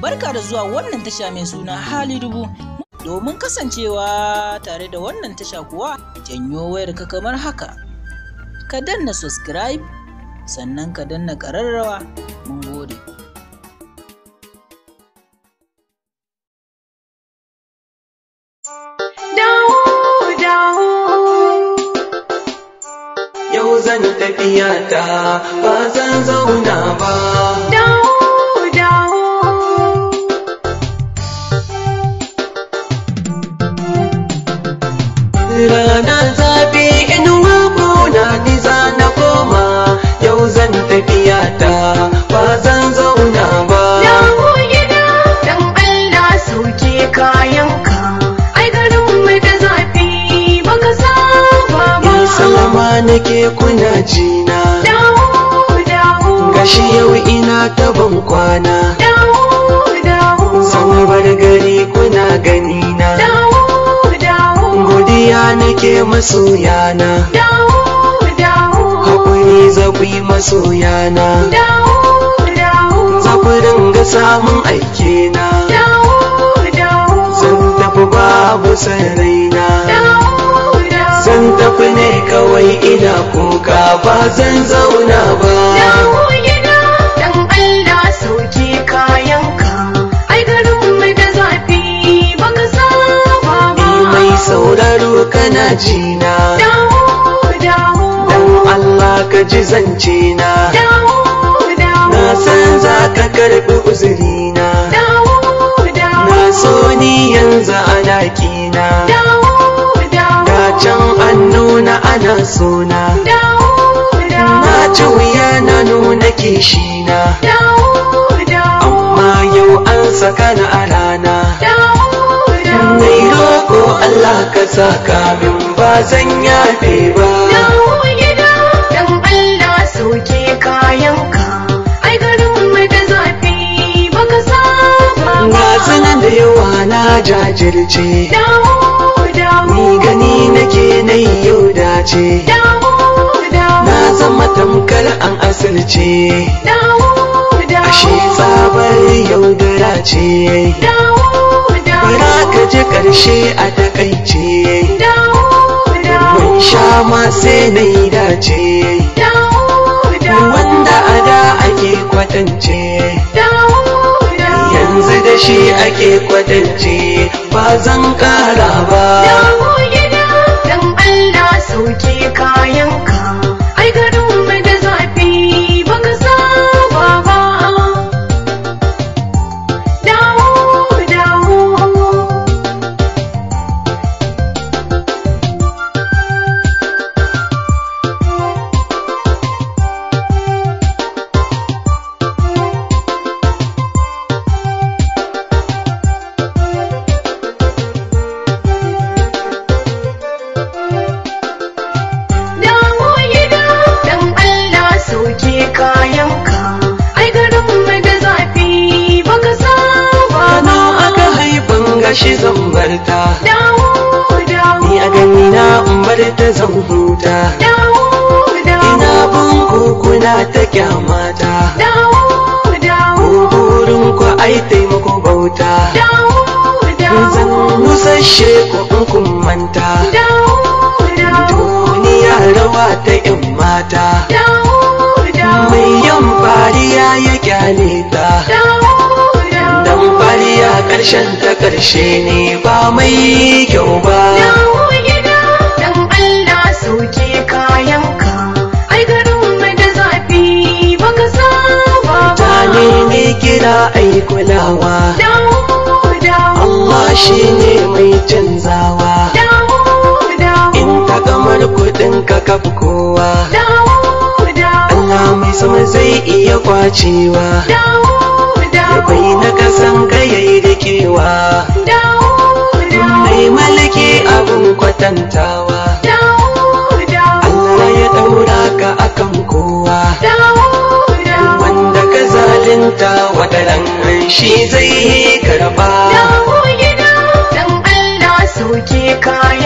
Barka da zuwa wannan tasha mai suna hali dubu. Domin kasancewa tare da wannan tasha kuwa janyo wayar ka kamar haka. Ka danna subscribe sannan ka danna ƙararrawa mun gode. Yau zan tafiya ta ba zan zauna ba. rana zafi in na ni na koma yau zan tafiya ta ba zan zauna ba na gida dan Allah sauke kayan ka ai garin mai da zafi baka saba ba in salama nake kuna jina dawo dawo gashi yau ina ta ban kwana kira nake masoyana dawo dawo hakuri zafi masoyana dawo dawo zafi dinga samun aike na dawo dawo zan tafi babu saraina dawo dawo zan tafi ne kawai ina kuka ba zan zauna ba dawo daji dawo dan Allah ka ji zance na na san za ka karɓi uzuri na na so ni yanzu ana kina ka can an nuna ana suna. na ci wuya na nuna kishina amma yau an saka na a rana Allah ka saka min ba zan yafe ba Allah sauke kayan ka ai garin mu da zafi baka saba da yawa na jajirce dawo dawo ni gani nake nai yau dace dawo dawo na zama tamkar an asirce dawo dawo ashe sabar yaudara ce dawo ƙarshe a takaice mun sha ma sai na yi dace wanda a da ake kwatance yanzu da shi ake kwatance ba zan ƙara ba dawo gida! Don Allah, sauke kayanka gashi zan barta ni a gani na umar ta zan huta ina bin na ta kyamata burin ku ai taimako bauta zan nusashe ku in kun manta duniya rawa ta yan mata mai yan fariya ya kyale ta ƙarshen ta ƙarshe ne ba mai kyau ba dawo gida dan Allah sauke kayanka ai garin da zafi baka saba ba ne ne kira ai kulawa dawo dawo Allah shine mai canzawa dawo dawo in ta kamar ka kafi kowa dawo dawo Allah mai sama zai iya kwacewa dawo Mai na kasan kayayi da kewa Mai malaki abin kwatantawa Allah ya ɗaura ka akan kowa Wanda ka zalinta wataran shi zai karba Dan Allah sauke kayan